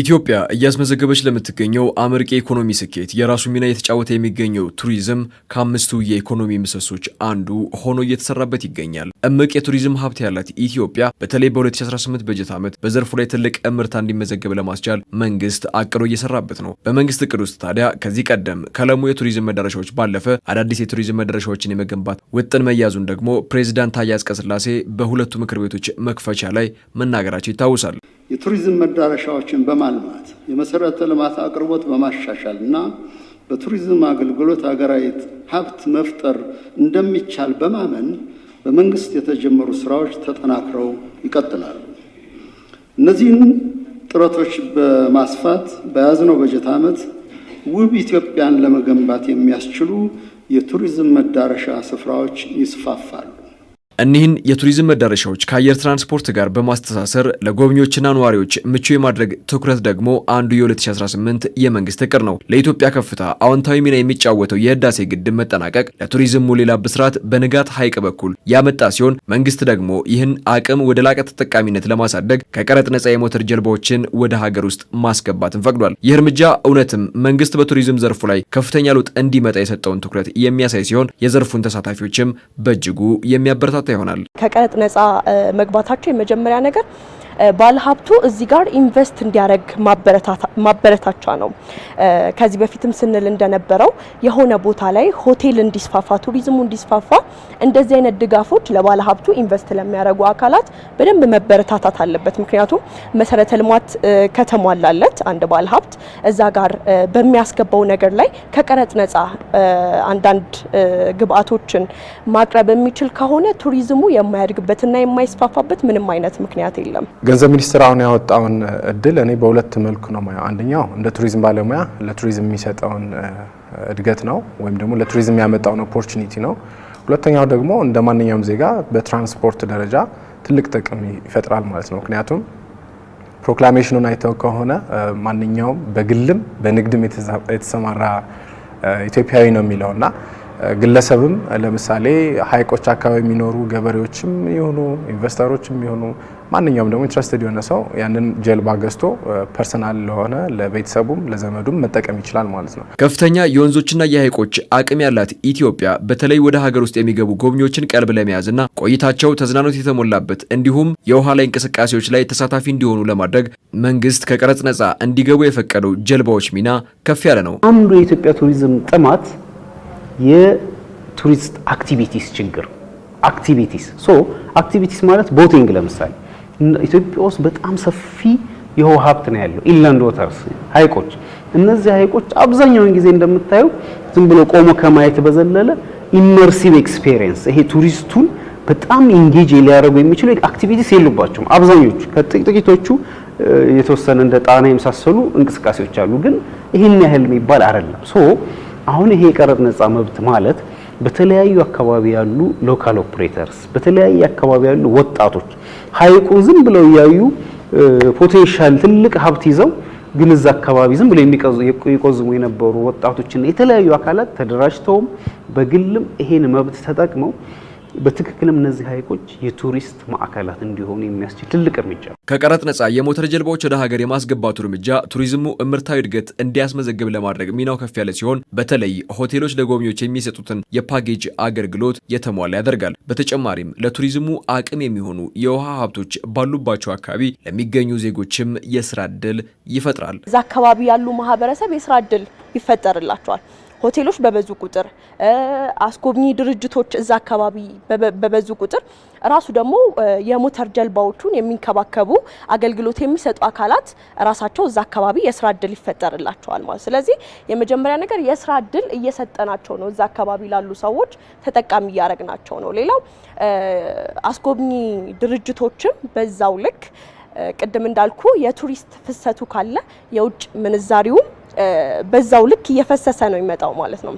ኢትዮጵያ እያስመዘገበች ለምትገኘው አመርቂ የኢኮኖሚ ስኬት የራሱ ሚና እየተጫወተ የሚገኘው ቱሪዝም ከአምስቱ የኢኮኖሚ ምሰሶች አንዱ ሆኖ እየተሰራበት ይገኛል። እምቅ የቱሪዝም ሀብት ያላት ኢትዮጵያ በተለይ በ2018 በጀት ዓመት በዘርፉ ላይ ትልቅ እምርታ እንዲመዘገብ ለማስቻል መንግስት አቅዶ እየሰራበት ነው። በመንግስት እቅድ ውስጥ ታዲያ ከዚህ ቀደም ከለሙ የቱሪዝም መዳረሻዎች ባለፈ አዳዲስ የቱሪዝም መዳረሻዎችን የመገንባት ውጥን መያዙን ደግሞ ፕሬዚዳንት ታዬ አጽቀሥላሴ በሁለቱ ምክር ቤቶች መክፈቻ ላይ መናገራቸው ይታወሳል። የቱሪዝም መዳረሻዎችን በማልማት የመሰረተ ልማት አቅርቦት በማሻሻል እና በቱሪዝም አገልግሎት ሀገራዊ ሀብት መፍጠር እንደሚቻል በማመን በመንግስት የተጀመሩ ስራዎች ተጠናክረው ይቀጥላሉ። እነዚህን ጥረቶች በማስፋት በያዝነው በጀት ዓመት ውብ ኢትዮጵያን ለመገንባት የሚያስችሉ የቱሪዝም መዳረሻ ስፍራዎች ይስፋፋሉ። እኒህን የቱሪዝም መዳረሻዎች ከአየር ትራንስፖርት ጋር በማስተሳሰር ለጎብኚዎችና ነዋሪዎች ምቹ የማድረግ ትኩረት ደግሞ አንዱ የ2018 የመንግስት እቅድ ነው። ለኢትዮጵያ ከፍታ አዎንታዊ ሚና የሚጫወተው የህዳሴ ግድብ መጠናቀቅ ለቱሪዝሙ ሌላ ብስራት በንጋት ሐይቅ በኩል ያመጣ ሲሆን መንግስት ደግሞ ይህን አቅም ወደ ላቀ ተጠቃሚነት ለማሳደግ ከቀረጥ ነጻ የሞተር ጀልባዎችን ወደ ሀገር ውስጥ ማስገባትን ፈቅዷል። ይህ እርምጃ እውነትም መንግስት በቱሪዝም ዘርፉ ላይ ከፍተኛ ለውጥ እንዲመጣ የሰጠውን ትኩረት የሚያሳይ ሲሆን የዘርፉን ተሳታፊዎችም በእጅጉ የሚያበረታታ ይሆናል። ከቀረጥ ነጻ መግባታቸው የመጀመሪያ ነገር ባለሀብቱ እዚህ ጋር ኢንቨስት እንዲያደርግ ማበረታቻ ነው። ከዚህ በፊትም ስንል እንደነበረው የሆነ ቦታ ላይ ሆቴል እንዲስፋፋ፣ ቱሪዝሙ እንዲስፋፋ እንደዚህ አይነት ድጋፎች ለባለሀብቱ ኢንቨስት ለሚያደርጉ አካላት በደንብ መበረታታት አለበት። ምክንያቱም መሰረተ ልማት ከተሟላለት አንድ ባለሀብት እዛ ጋር በሚያስገባው ነገር ላይ ከቀረጥ ነጻ አንዳንድ ግብአቶችን ማቅረብ የሚችል ከሆነ ቱሪዝሙ የማያድግበትና የማይስፋፋበት ምንም አይነት ምክንያት የለም። ገንዘብ ሚኒስቴር አሁን ያወጣውን እድል እኔ በሁለት መልኩ ነው ማየው። አንደኛው እንደ ቱሪዝም ባለሙያ ለቱሪዝም የሚሰጠውን እድገት ነው ወይም ደግሞ ለቱሪዝም ያመጣውን ኦፖርቹኒቲ ነው። ሁለተኛው ደግሞ እንደ ማንኛውም ዜጋ በትራንስፖርት ደረጃ ትልቅ ጥቅም ይፈጥራል ማለት ነው። ምክንያቱም ፕሮክላሜሽኑን አይተው ከሆነ ማንኛውም በግልም በንግድም የተሰማራ ኢትዮጵያዊ ነው የሚለው እና ግለሰብም ለምሳሌ ሀይቆች አካባቢ የሚኖሩ ገበሬዎችም የሆኑ ኢንቨስተሮችም የሆኑ ማንኛውም ደግሞ ኢንትረስትድ የሆነ ሰው ያንን ጀልባ ገዝቶ ፐርሰናል ለሆነ ለቤተሰቡም ለዘመዱም መጠቀም ይችላል ማለት ነው። ከፍተኛ የወንዞችና የሐይቆች አቅም ያላት ኢትዮጵያ በተለይ ወደ ሀገር ውስጥ የሚገቡ ጎብኚዎችን ቀልብ ለመያዝና ቆይታቸው ተዝናኖት የተሞላበት እንዲሁም የውሃ ላይ እንቅስቃሴዎች ላይ ተሳታፊ እንዲሆኑ ለማድረግ መንግስት ከቀረጽ ነጻ እንዲገቡ የፈቀደው ጀልባዎች ሚና ከፍ ያለ ነው። አንዱ የኢትዮጵያ ቱሪዝም ጥማት የቱሪስት አክቲቪቲስ ችግር አክቲቪቲስ ሶ አክቲቪቲስ ማለት ቦቲንግ ለምሳሌ ኢትዮጵያ ውስጥ በጣም ሰፊ የውሃ ሀብት ነው ያለው። ኢንላንድ ወተርስ ሀይቆች፣ እነዚህ ሀይቆች አብዛኛውን ጊዜ እንደምታዩ ዝም ብሎ ቆሞ ከማየት በዘለለ ኢመርሲቭ ኤክስፔሪየንስ ይሄ ቱሪስቱን በጣም ኢንጌጅ ሊያደርጉ የሚችሉ አክቲቪቲስ የሉባቸውም አብዛኞቹ። ከጥቂቶቹ የተወሰነ እንደ ጣና የመሳሰሉ እንቅስቃሴዎች አሉ፣ ግን ይህን ያህል የሚባል አይደለም። ሶ አሁን ይሄ የቀረጥ ነፃ መብት ማለት በተለያዩ አካባቢ ያሉ ሎካል ኦፕሬተርስ፣ በተለያየ አካባቢ ያሉ ወጣቶች ሀይቁን ዝም ብለው እያዩ ፖቴንሻል ትልቅ ሀብት ይዘው ግን እዛ አካባቢ ዝም ብለው የሚቆዝሙ የነበሩ ወጣቶችና የተለያዩ አካላት ተደራጅተውም በግልም ይሄን መብት ተጠቅመው በትክክልም እነዚህ ሀይቆች የቱሪስት ማዕከላት እንዲሆኑ የሚያስችል ትልቅ እርምጃ ነው። ከቀረጥ ነጻ የሞተር ጀልባዎች ወደ ሀገር የማስገባቱ እርምጃ ቱሪዝሙ እምርታዊ እድገት እንዲያስመዘግብ ለማድረግ ሚናው ከፍ ያለ ሲሆን፣ በተለይ ሆቴሎች ለጎብኚዎች የሚሰጡትን የፓኬጅ አገልግሎት የተሟላ ያደርጋል። በተጨማሪም ለቱሪዝሙ አቅም የሚሆኑ የውሃ ሀብቶች ባሉባቸው አካባቢ ለሚገኙ ዜጎችም የስራ እድል ይፈጥራል። እዛ አካባቢ ያሉ ማህበረሰብ የስራ እድል ይፈጠርላቸዋል። ሆቴሎች በበዙ ቁጥር አስጎብኚ ድርጅቶች እዛ አካባቢ በበዙ ቁጥር ራሱ ደግሞ የሞተር ጀልባዎቹን የሚንከባከቡ አገልግሎት የሚሰጡ አካላት ራሳቸው እዛ አካባቢ የስራ እድል ይፈጠርላቸዋል ማለት። ስለዚህ የመጀመሪያ ነገር የስራ እድል እየሰጠናቸው ነው፣ እዛ አካባቢ ላሉ ሰዎች ተጠቃሚ እያደረግናቸው ነው። ሌላው አስጎብኚ ድርጅቶችም በዛው ልክ ቅድም እንዳልኩ የቱሪስት ፍሰቱ ካለ የውጭ ምንዛሪውም በዛው ልክ እየፈሰሰ ነው የሚመጣው ማለት ነው።